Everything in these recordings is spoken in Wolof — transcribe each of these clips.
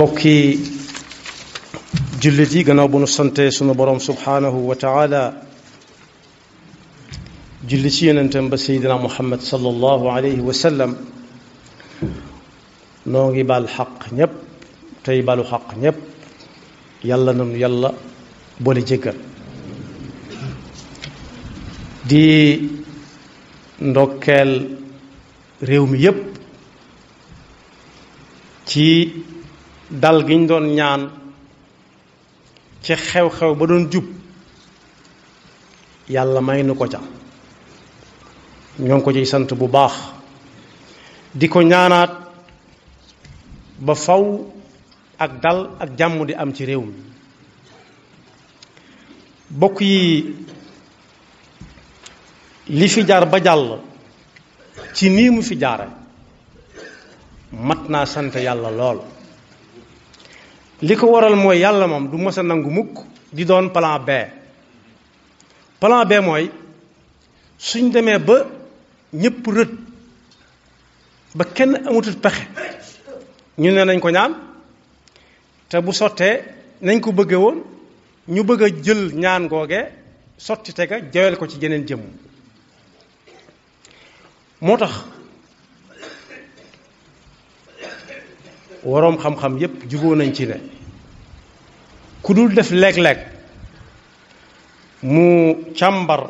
mbokki jullit yi gannaaw bu nu sante sunu borom subhaanahu wa taala julli ci yonentam ba seydina muhammad sallallahu alayhi wa sallam noo ngi baal xaq ñépp tey baalu xaq ñépp yàlla nanu yàlla boole jéggal di ndokkeel réew mi yépp ci dal gi ñu doon ñaan ci xew-xew ba doon jub yàlla may nu ko ca ñoo ngi ko ciy sant bu baax di ko ñaanaat ba faw ak dal ak jàmm di am ci réew mi bokk yi li fi jaar ba jàll ci nii mu fi jaare mat naa sant yàlla lool li ko waral mooy yàlla moom du mës nangu mukk di doon plan B plan B mooy suñ demee ba ñëpp rët ba kenn amatul pexe ñu ne nañ ko ñaan te bu sottee nañ ko bëgge woon ñu bëgg a jël ñaan googe sotti tega jawel ko ci jeneen jëmm moo tax waroom xam-xam yépp juboo nañ ci ne ku dul def léeg-léeg mu càmbar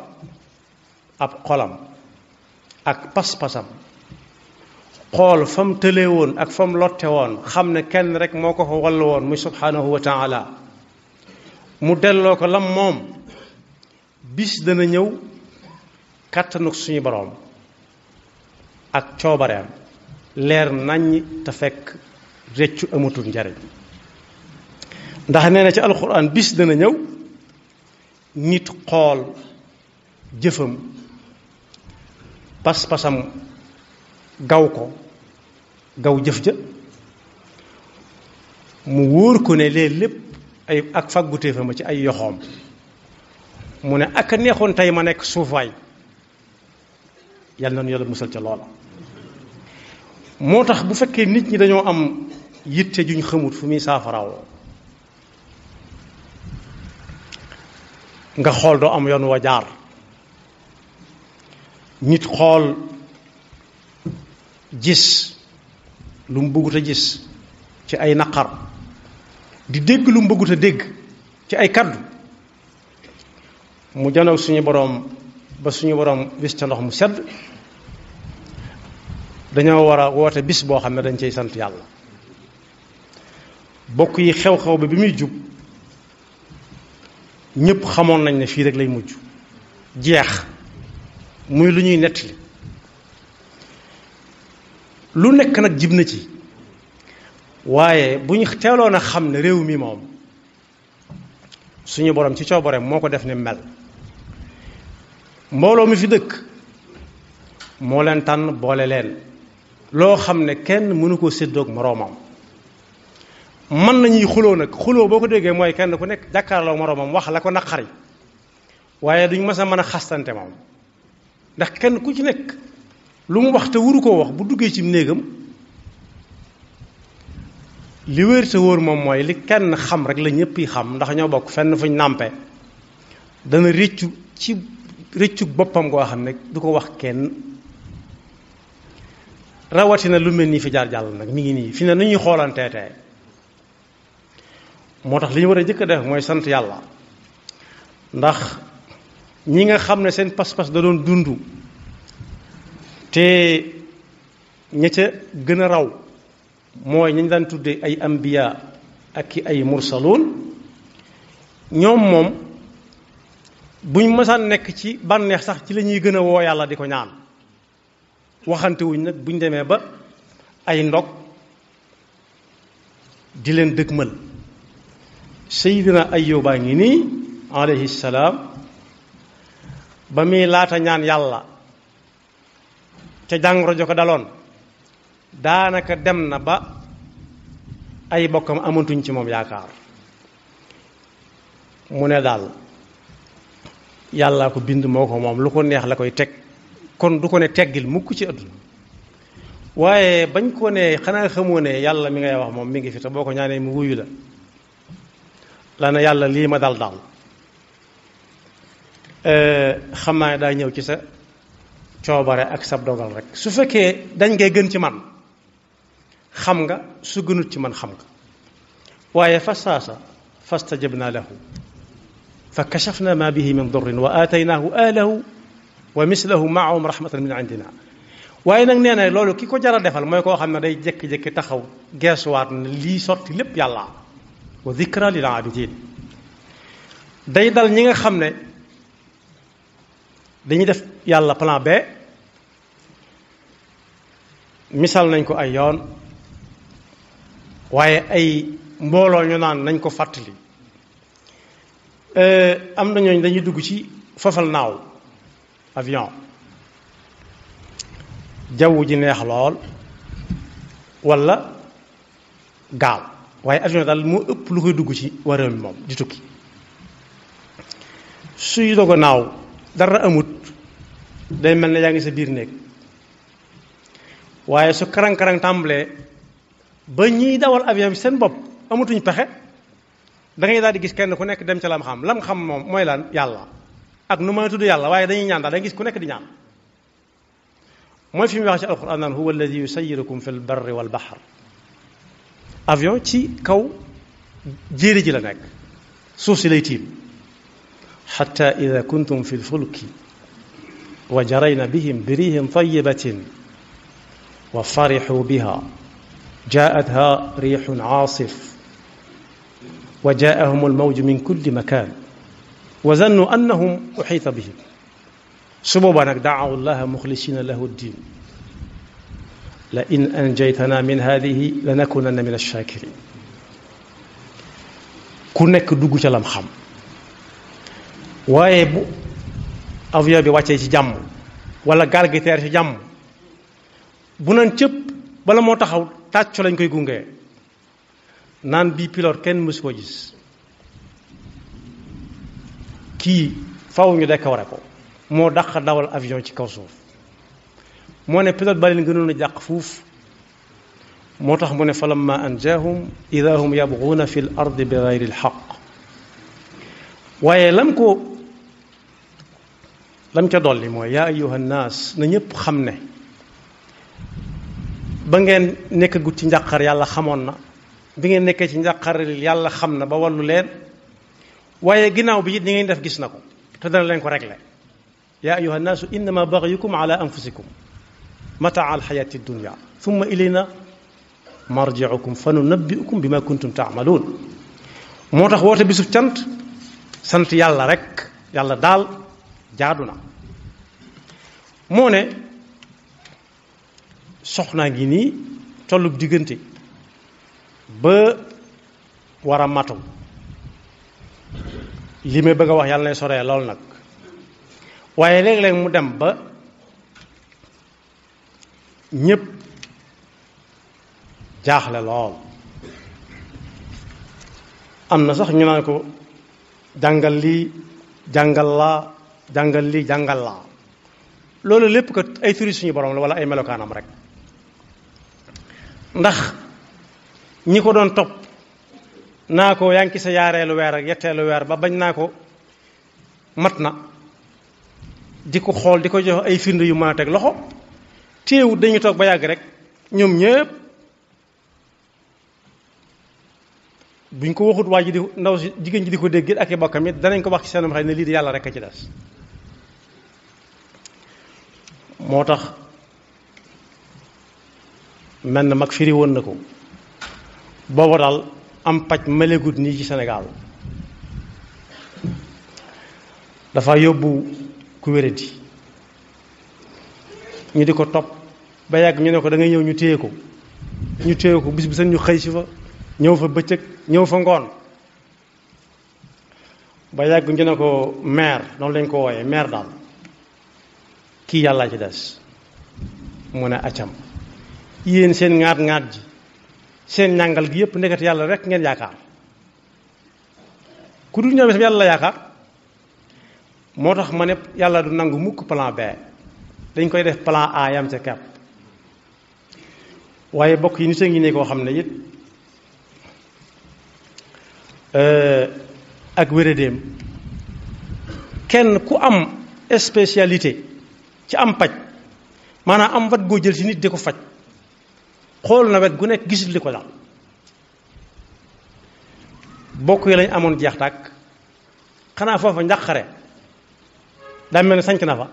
ab xolam ak pas-pasam xool fa mu tëlee woon ak fa mu lotte woon xam ne kenn rek moo ko fa wall woon muy subhanahu wa taala mu delloo ko lam moom bis dana ñëw kàttanuk suñu boroom ak coobareem leer naññ te fekk reccu amatul njariñ ndax nee na ci alxuraan bis dana ñëw nit xool jëfam pas-pasam gaw ko gaw jëf ja mu wóor ko ne leen lépp ay ak fàgguteefa ma ci ay yoxoom mu ne ak neexoon tey ma nekk suufaay yàlla na nu yàlla musal ca loola moo tax bu fekkee nit ñi dañoo am yitte juñ xamut fu muy saafarawoo nga xool doo am yoon wa jaar nit xool gis lu mu bëggut a gis ci ay naqar di dégg lu mu bëggut a dégg ci ay kaddu mu janoog suñu boroom ba suñu boroom bis ca ndox mu sedd dañoo war woote bis boo xam ne dañ cay sant yàlla bokk yi xew-xew bi bi muy jub ñëpp xamoon nañ ne fii rek lay mujj jeex muy lu ñuy nettali lu nekk nag jib na ci waaye bu ñu teeloon a xam ne réew mi moom suñu borom ci coobareem moo ko def ni mel mbooloo mi fi dëkk moo leen tànn boole leen loo xam ne kenn mënu koo séddoog moroomam mën nañuy xuloo nag xuloo boo ko déggee mooy kenn ku nekk jàkkaarloo moroomam wax la ko naqari waaye duñ mës a mën a xastante moom ndax kenn ku ci nekk lu mu wax te wuru koo wax bu duggee ci néegam li wér te wóor moom mooy li kenn xam rek la ñëpp yi xam ndax ñoo bokk fenn fuñ nàmpe dana réccu ci réccu boppam goo xam ne du ko wax kenn rawatina lu mel nii fi jaar jàll nag mi ngi nii fi ne nu ñuy xoolantee moo tax li ñu war a jëkk def mooy sant yàlla ndax ñi nga xam ne seen pas-pas da doon dund te ña ca gën a raw mooy ñañ daan tudde ay ambiya ak i ay mursaloon ñoom moom buñ mësaan nekk ci bànneex sax ci lañuy gën a woo yàlla di ko ñaan waxantewuñ nag buñ demee ba ay ndog di leen dëgmal seydina ayuba ngi nii alayhi salaam ba muy laata ñaan yàlla ca jàngoro jo ko daloon daanaka dem na ba ay bokkam amatuñ ci moom yaakaar mu ne daal yàllaa ko bind moo ko moom lu ko neex la koy teg kon du ko ne teggil mukk ci àdduna waaye bañ ko ne xanaa xamoo ne yàlla mi ngay wax moom mi ngi fi te boo ko ñaanee mu wuyu la la na yàlla lii ma dal daal euh, xam naa ne daa ñëw ci sa coobare ak sab dogal rek su fekkee dañ ngay gën ci man xam nga su gënut ci man xam nga waaye fa saasa fastajabna lahu fa kashafna ma bihi min durrin wa aataynaahu ahlahu wa mislahu maahum rahmatan min indina waaye nag nee na loolu ki ko jar a defal mooy koo xam ne day jékki-jékki taxaw geesuwaat na lii sotti lépp yàlla wa day dal ñi nga xam ne dañuy def yàlla plan B misaal nañ ko ay yoon waaye ay mbooloo ñu naan nañ ko fàttali euh, am na ñooñ dañuy dugg ci fafal naaw avion jaww ji neex lool walla gaal waaye avion daal moo ëpp lu koy dugg ci waa réew mi moom di tukki suy dogo dara amut day mel ne yaa ngi sa biir néeg waaye su karang-karang tàmbalee ba ñiy dawal avion bi seen bopp amatuñ paxe da ngay daal di gis kenn ku nekk dem ca lam xam lam xam moom mooy lan yàlla ak nu mën tudd yàlla waaye dañuy ñaan daal dangay gis ku nekk di ñaan mooy fi mu wax ci alquran naan huwa alladi yusayirukum fi lbarri walbaxar avion ci kaw jéere ji la nekk suuf si lay tiim xatta ida kuntum fi lfulki wa jarayna bihim birihin tayibatin wa farixuu biha jaatha riixun aasif wa jaahum almawju min kulli makan wa zannu annahum uxiita bihim su boobaa nag daawu llaha muxlisina lahu ddin la in anjaytana min hadihi la nakunanna min ash-shakirin ku nekk dugg ca lam xam waaye bu avion bi wàccee ci jàmm wala gaal gi ci jàmm bu nan cëpp bala moo taxaw tàccu lañ koy gunge naan bii pilote kenn mësu ko gis kii faw ñu dekkaware ko moo daq dawal avion ci kaw suuf moo ne pilote ba leen gënoon a jàq fuuf moo tax mu ne falamma anjaahum ida hum yabguuna fi l ardi bi gayri l xaq waaye lam ko lam ca li mooy ya ayuha nnaas na ñëpp xam ne ba ngeen nekk gut ci njàqar yàlla xamoon na bi ngeen nekkee ci njàqar yàlla xam na ba wàllu leen waaye ginnaaw bi it ñi ngeen def gis na ko te dana leen ko réglé yaa ayuha nnaasu innama baxyukum ala anfusikum mataa alxayaati dunia summa ilayna marjiukum fa nunabbiukum bi ma kuntum taamaluun moo tax woote bisub cant sant yàlla rek yàlla daal jaadu na moo ne soxnaa ngi nii tollub diggante ba war a matu li may bëgg a wax yàlla nay soree lool nag waaye léeg-léeg mu dem ba ñépp jaaxle lool am na sax ñu naa ko jàngal lii jàngal laa jàngal lii jàngal laa loolu lépp kat ay turi suñu borom la wala ay melokaanam rek ndax ñi ko doon topp naa ko yanki sa yaareelu weer ak yetteelu weer ba bañ naa ko mat na di ko xool di ko jox ay firnde yu mën a teg loxo téewut dañuy toog ba yàgg rek ñoom ñëpp buñ ko waxut waa ji di ndaw si jigéen ji di ko dégg ak i bokkam it danañ ko wax ci seenam xel ne lii di yàlla rek a ci moo tax mel na mag firi na ko booba daal am paj malegut nii ci senegaal dafa yóbbu ku wéradi ñu di ko topp ba yàgg ñu ne ko dangay ñëw ñu téye ko ñu téye ko bis bi seen ñu xëy si fa ñëw fa bëccëg ñëw fa ngoon ba yàgg ñu ne ko maire noonu lañ ko wooyee maire daal kii yàlla ci des mu ne acam yéen seen ŋaat-ŋaat ji seen ñàngal gi yépp ndeket yàlla rekk ngeen yaakaar ku dul ñoom itam yàlla la yaakaar moo tax ma ne yàlla du nangu mukk plan B dañ koy def plan A yam ca cap waaye bokk yi nit a ngi ne koo xam ne it euh, ak wéradéem kenn ku am spécialité ci am paj maanaa am wat goo jël ci nit di ko faj xool na wet gu nekk gisul li ko daal bokk yi lañ amoon jeex tàkk xanaa foofa njàqare daa mel ne sanc na fa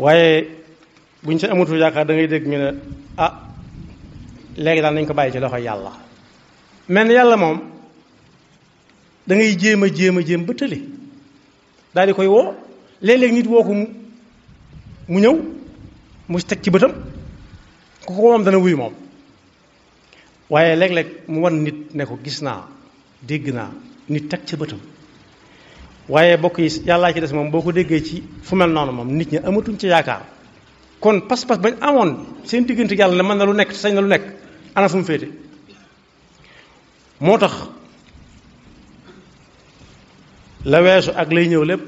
waaye buñ ci amatu yaakaar da dégg ñu ne ah léegi daal nañ ko bàyyi ci loxo yàlla mel na yàlla moom dangay ngay jéem a jéem a jéem ba tëli daal di koy woo léeg-léeg nit woo ko mu ñëw mu teg ci bëtam ku ko moom dana wuyu moom waaye léeg-léeg mu wan nit ne ko gis naa dégg naa nit teg ci bëtam waaye bokk yi yàllaa ci des moom boo ko déggee ci fu mel noonu moom nit ñi amatuñ ci yaakaar kon pas-pas bañ amoon seen diggante yàlla ne man na lu nekk sañ na lu nekk ana fu mu féete moo tax la weesu ak lay ñëw lépp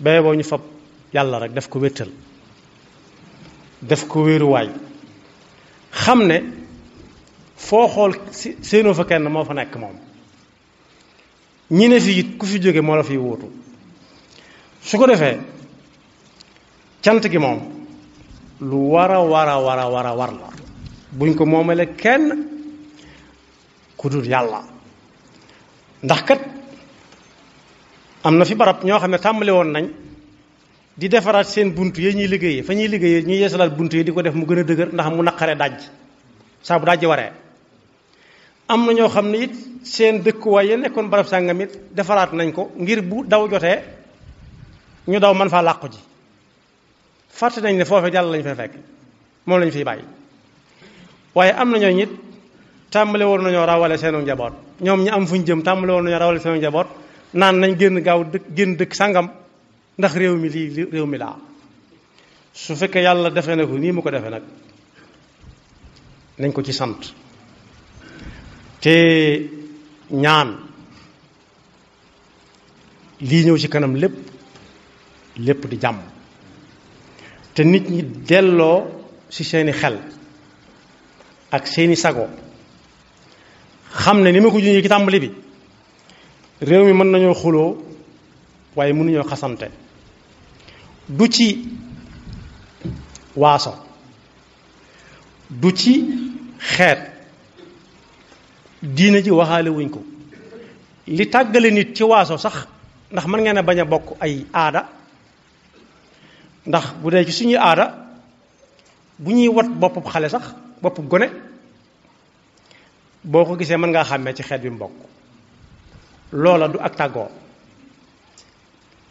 bee boo ñu fab yàlla rek daf ko wéttal daf ko wéeru waañ xam ne foo xool séenoo fa kenn moo fa nekk moom ñi ne fi it ku fi jóge moo la fi wóotu su ko defee cant gi moom lu war a war war a war a war la buñ ko moomale kenn ku dul yàlla ndax am na fi barab ñoo xam ne tàmbali woon nañ di defaraat seen bunt yi ñuy liggéeyee fa ñuy liggéeyee ñuy yeesalaat bunt yi di ko def mu gën a dëgër ndax mu naqare dajj saabu bu dajj waree am na ñoo xam ne it seen dëkkuwaay ya nekkoon barab sàngam defaraat nañ ko ngir buur daw jotee ñu daw man faa làqu ji fàtte nañ ne foofe jàll lañ fa fekk moom lañ fiy bàyyi waaye am na ñoo ñit tàmbale woon nañoo rawale seenu njaboot ñoom ñu am fuñ jëm tàmbale woon nañoo rawale seenu njaboot naan nañ génn gaaw dëkk génn dëkk sàngam ndax réew mi lii réew mi laa su fekkee yàlla defee na ko nii mu ko defee nag nañ ko ci sant te ñaan lii ñëw ci kanam lépp lépp di jàmm te nit ñi delloo ci seeni xel ak seeni sago xam ne ni ma ko junjee ci tàmbali bi réew mi mën nañoo xuloo waaye mënuñoo xasante du ci waaso du ci xeet diine ji waxaale wuñ ko li tàggale nit ci waaso sax ndax mën ngeen a bañ a bokk ay aada ndax bu dee ci suñuy aada bu ñuy wat bopp xale sax bopp gone boo ko gisee mën ngaa xàmmee ci xeet bi mu bokk loola du ak tàggoo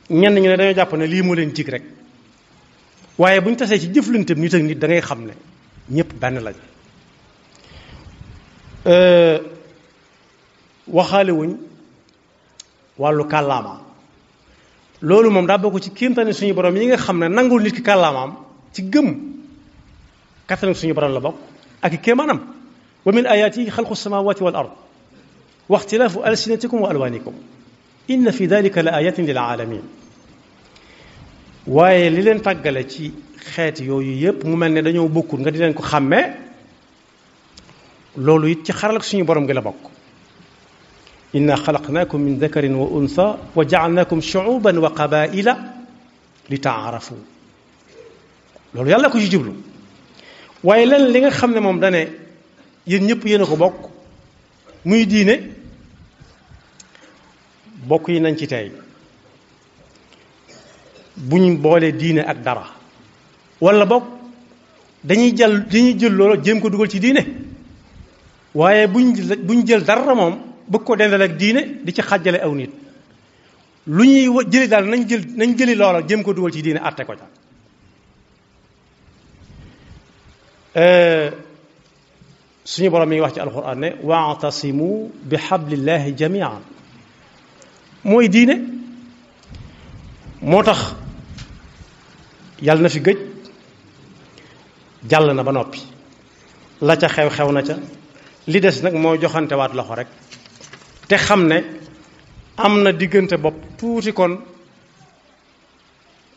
ñenn ñu ne dañoo jàpp ne lii moo leen jig rek waaye bu ñu tasee ci jëflanteem nit ak nit da ngay xam ne ñëpp benn lañ euh, waxaale wuñ wàllu kàllaamaam loolu moom daa bokk ci kéemtaane suñu borom yi nga xam ne nangul nit ki kàllaamaam ci gëm kattan suñu borom la bokk ak kéemaanam wa min ayaati xalqu samawati wal ard wa ixtilaafu alsinatikum wa alwaanikum inna fi dalika la ayatin lil alamin waaye li leen tàggale ci xeet yooyu yépp mu mel ne dañoo bokkul nga di leen ko xàmmee loolu yit ci xaral suñu borom gi la bokk inna xalaqnaakum min dakarin wa unsa wa jaalnaakum shuuban wa qabaila li taarafu loolu yàlla ko ci jublu waaye leen li nga xam ne moom dane yéen ñëpp yéen ko bokk muy diine bokk yi nañ ci tey buñ boolee diine ak dara walla bokk dañuy jël dañuy jël loolu jéem ko dugal ci diine waaye buñ buñ jël dara moom bëgg ko dendal ak diine di ci xàjjale aw nit lu ñuy jëli daal nañ jël nañ jëli loola jëm ko dugal ci diine àtte ko euh, suñu borom mi wax ci alquran ne waatasimu bi xablillahi jamian mooy diine moo tax yàlla na fi gëj jàll na ba noppi la ca xew xew na ca li des nag moo joxantewaat loxo rek te xam ne am na diggante bopp tuuti kon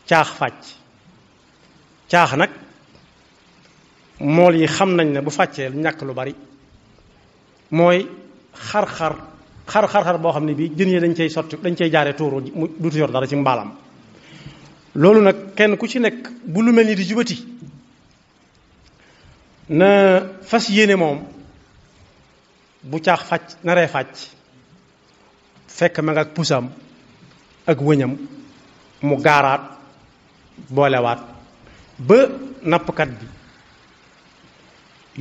caax fàcc caax nag mool yi xam nañ ne bu fàccee ñàkk lu bari mooy xar-xar xar boo xam ne bii jën yi dañ cay sotti dañ cay jaare tuuru mu duuti yor dara ci mbaalam loolu nag kenn ku ci nekk bu lu mel ni di jubati na fas yéene moom bu caax fàcc naree fàcc fekk ma nga ak pusam ak wëñam mu gaaraat boolewaat ba nappkat bi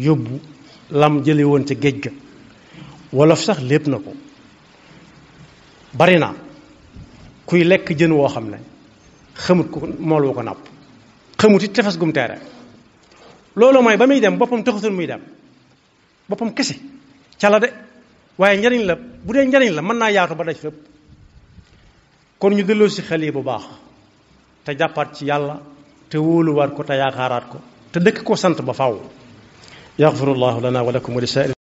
yóbbu lam jële woon ca géej ga wolof sax lépp na ko bari na kuy lekk jën woo xam ne xamut ko mool wu ko napp xamut it tefes gum teere loolu mooy ba muy dem boppam taxutul muy dem boppam kese ca de waaye njariñ la bu dee njariñ la mën naa yaatu ba def fépp kon ñu delloo si xel yi bu baax te jàppaat ci yàlla te wóoluwaat ko te yaakaaraat ko te dëkk ko sant ba faw yaxfirullahu lana wa lakum wa li saa'iri